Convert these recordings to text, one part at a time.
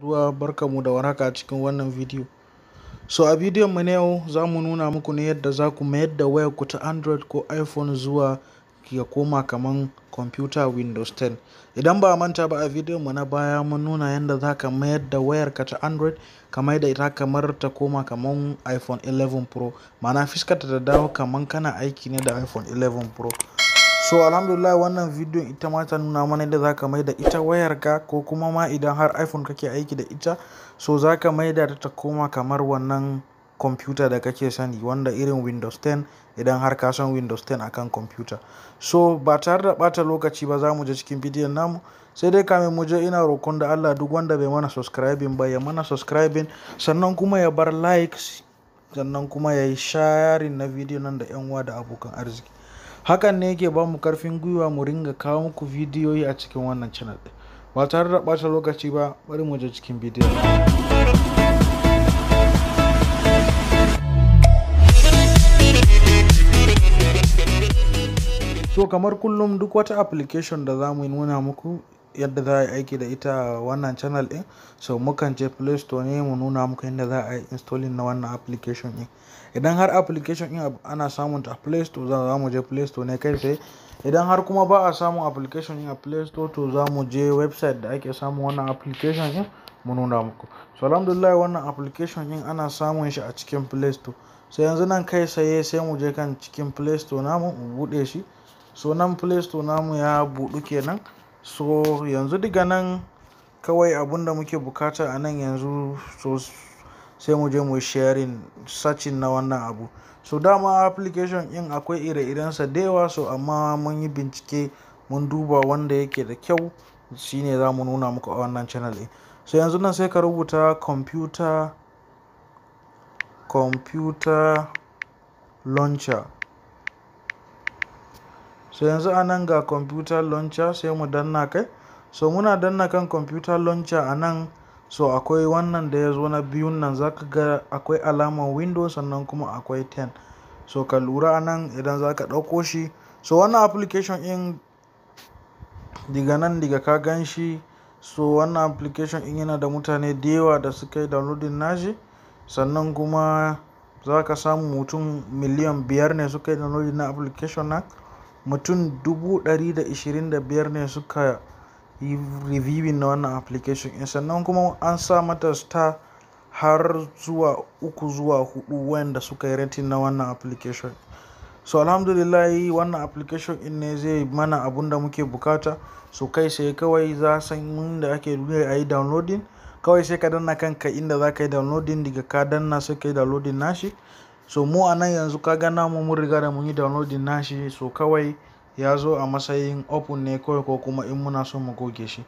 Duwa barkamu da warhaka cikin wannan bidiyo. So a bidiyon mu na yau za mu nuna muku ne yadda za ku mayar da wayar ku ta Android ko iPhone zuwa ya koma kaman computer Windows 10. Idan ba a manta ba a bidiyon mu na baya mun nuna yadda za ka mayar da wayar ka ta Android ka maida ita kamar ta koma kaman iPhone 11 Pro. Ma'ana fiskar ta ta dawo kaman kana aiki ne da iPhone 11 Pro. so alhamdulillah wannan bidiyon ita ma ta nuna mana yadda zaka mai da ita wayarka ko kuma ma idan har iphone kake aiki da ita so zaka mai da ta koma kamar wannan computer da kake sani wanda irin windows 10 idan har ka san windows 10 akan kwamfuta so ba tare da bata lokaci ba za mu je cikin bidiyon namu sai dai kamin mu je ina rokon da allah duk wanda bai mana subscribing ba ya mana subscribing sannan kuma ya bar likes sannan kuma ya yi sharing na video nan da yan uwa da abokan arziki hakan ne yake ba mu karfin gwiwa mu ringa kawo muku bidiyoyi a cikin wannan channel din. ba tare da ɓata lokaci ba bari mu je cikin bidiyo. so kamar kullum duk wata application da zamu mu nuna muku yadda za a yi aiki da ita wannan channel din so mukan je play store ne mu nuna muku yadda za a yi installing na wannan application din idan har application din ana samun ta play store za mu je play store ne kai sai idan har kuma ba a samun application din a play store to za mu je website da ake samun wannan application din mu nuna muku so alhamdulillah wannan application din ana samun shi a cikin play store sai yanzu nan kai sai sai mu je kan cikin play store namu mu bude shi so nan play store namu ya budu kenan so yanzu diga nan kawai abun da muke bukata a nan yanzu so sai mu je mu sharing searching na wannan abu so dama application in akwai ire-irensa da yawa so amma mun yi bincike mun duba wanda yake da kyau shine za mu nuna muku a wannan channel din so yanzu nan sai ka rubuta computer computer launcher so yanzu a nan ga computer launcher sai mu danna kai so muna danna kan computer launcher a nan so akwai wannan da ya zo na biyun nan za ka ga akwai alamar windows sannan kuma akwai 10 so ka lura a nan idan za ka ɗauko shi so wannan application in diga nan diga ka gan shi so wannan application in yana da mutane da yawa da suka yi downloading nashi sannan kuma za ka samu mutum miliyan biyar ne suka yi downloading na application na. mutum 125,000 ne suka yi reviewing na wannan application ɗin sannan kuma an sa mata star har zuwa uku zuwa huɗu wanda suka yi rating na wannan application so alhamdulillah wannan application in ne zai mana abun da muke bukata so kai sai kawai za san inda ake a yi downloading kawai sai ka danna kanka inda za ka yi downloading daga ka danna sai ka yi downloading nashi So mu a nan yanzu kaga namu mun riga da mun yi downloading nashi so kawai ya zo a matsayin open ne kawai ko kuma in muna so mu goge shi.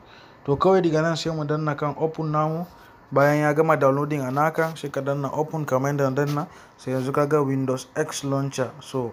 To kawai daga nan sai mu danna kan open namu bayan ya gama downloading a naka sai ka danna open kamar yadda danna sai yanzu ka ga Windows X launcher so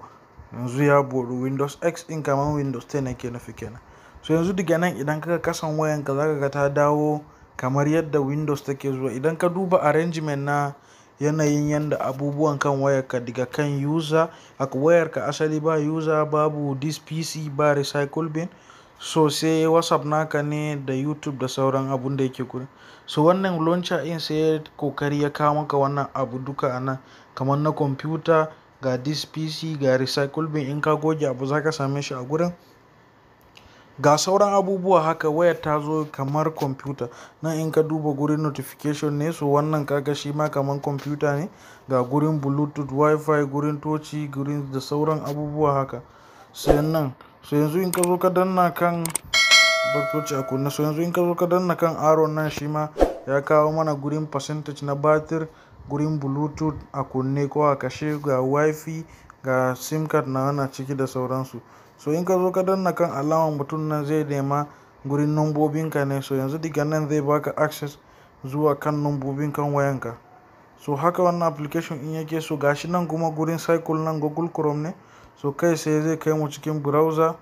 yanzu ya buɗu Windows X in kamar Windows 10 yake nufi kenan. So yanzu daga nan idan ka kasa kasan wayanka zaka ga ta dawo kamar yadda Windows take zuwa idan ka duba arrangement na yanayin yanda abubuwan kan wayarka daga kan user wayarka asali ba user babu this PC ba recycle bin so sai WhatsApp naka ne da YouTube da sauran abun da yake kuri So wannan launcher in sai ya kokari ya kawo maka wannan abu duka a nan kamar na komfuta ga this PC ga recycle bin in ka goge abu zaka same shi a gurin. ga sauran abubuwa haka wayar ta zo kamar kwamfuta nan in ka duba gurin notification ne so wannan kaga shi ma kamar kwamfuta ne ga gurin bluetooth wifi gurin toci gurin da sauran abubuwa haka sai nan so yanzu in ka zo ka danna kan baktoci a kunna so yanzu in ka zo ka danna kan aro nan shi ma ya kawo mana gurin percentage na batir gurin bluetooth a kunne ko a kashe ga wifi ga sim card na ana ciki da sauransu so in ka zo ka danna kan alaman mutum nan zai nema gurin ka ne so yanzu daga nan zai baka access zuwa kan nombobin kan wayanka so haka wannan application in yake so gashi nan kuma gurin cycle nan google chrome ne so kai sai zai kai mu cikin browser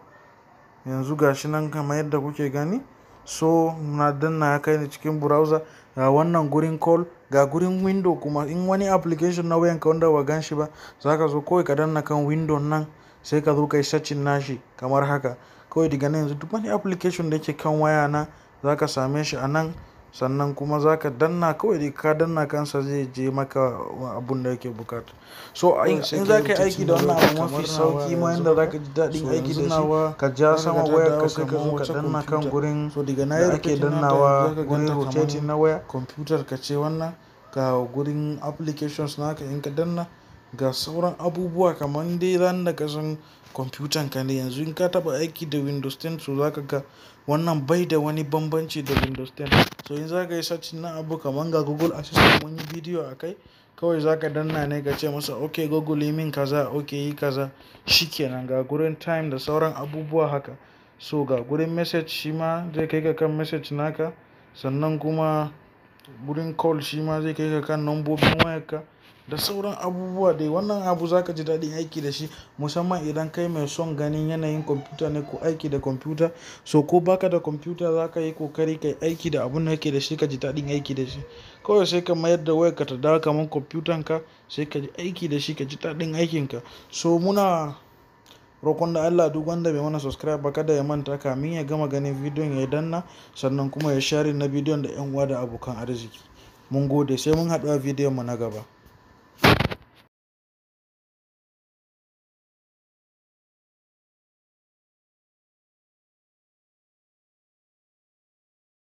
yanzu gashi nan kamar yadda kuke gani so na danna ya kai ni cikin browser ga wannan gurin call ga gurin window kuma in wani application na wayanka wanda ba gan shi ba zaka zo kawai ka danna kan window nan sai ka zo ka yi searching nashi kamar haka kawai daga nan yanzu duk wani application da yake kan waya na za ka same shi a nan sannan kuma za ka danna kawai da ka danna kansa zai je maka abun da yake bukata so in za ka yi aiki da wannan abu mafi sauki ma yadda za ka ji daɗin aiki shi ka ja sama wayar ka samu ka danna kan gurin da ake dannawa gurin rotating na waya computer ka ce wannan ga gurin applications naka in ka danna ga sauran abubuwa kamar dai ran da kasan kwamfutan ka ne yanzu in ka taɓa aiki da Windows 10 so za ka ga wannan bai da wani bambanci da Windows 10. So in za ka yi searching na abu kamar ga Google Assistant mun yi bidiyo a kai kawai za ka danna ne ka ce masa ok Google yi min kaza, ok yi kaza" shi kenan ga gurin time da sauran abubuwa haka. So ga gurin message shi ma zai kai ka kan message naka sannan kuma gurin call shi ma zai kai ka kan nombobin wayarka. da sauran abubuwa dai wannan abu zaka ji daɗin aiki da shi musamman idan kai mai son ganin yanayin kwamfuta ne ko aiki da kwamfuta so ko baka da kwamfuta za ka yi kokari kai aiki da abun da kake da shi ka ji daɗin aiki da shi kawai sai ka mayar da ka ta dawo kamar kwamfutan ka sai ka ji aiki da shi ka ji daɗin aikinka so muna roƙon da Allah duk wanda bai mana subscribe ba kada ya manta kamin ya gama ganin bidiyon ya danna sannan kuma ya share na bidiyon da 'yan uwa da abokan arziki mun gode sai mun haɗu a bidiyon mu na gaba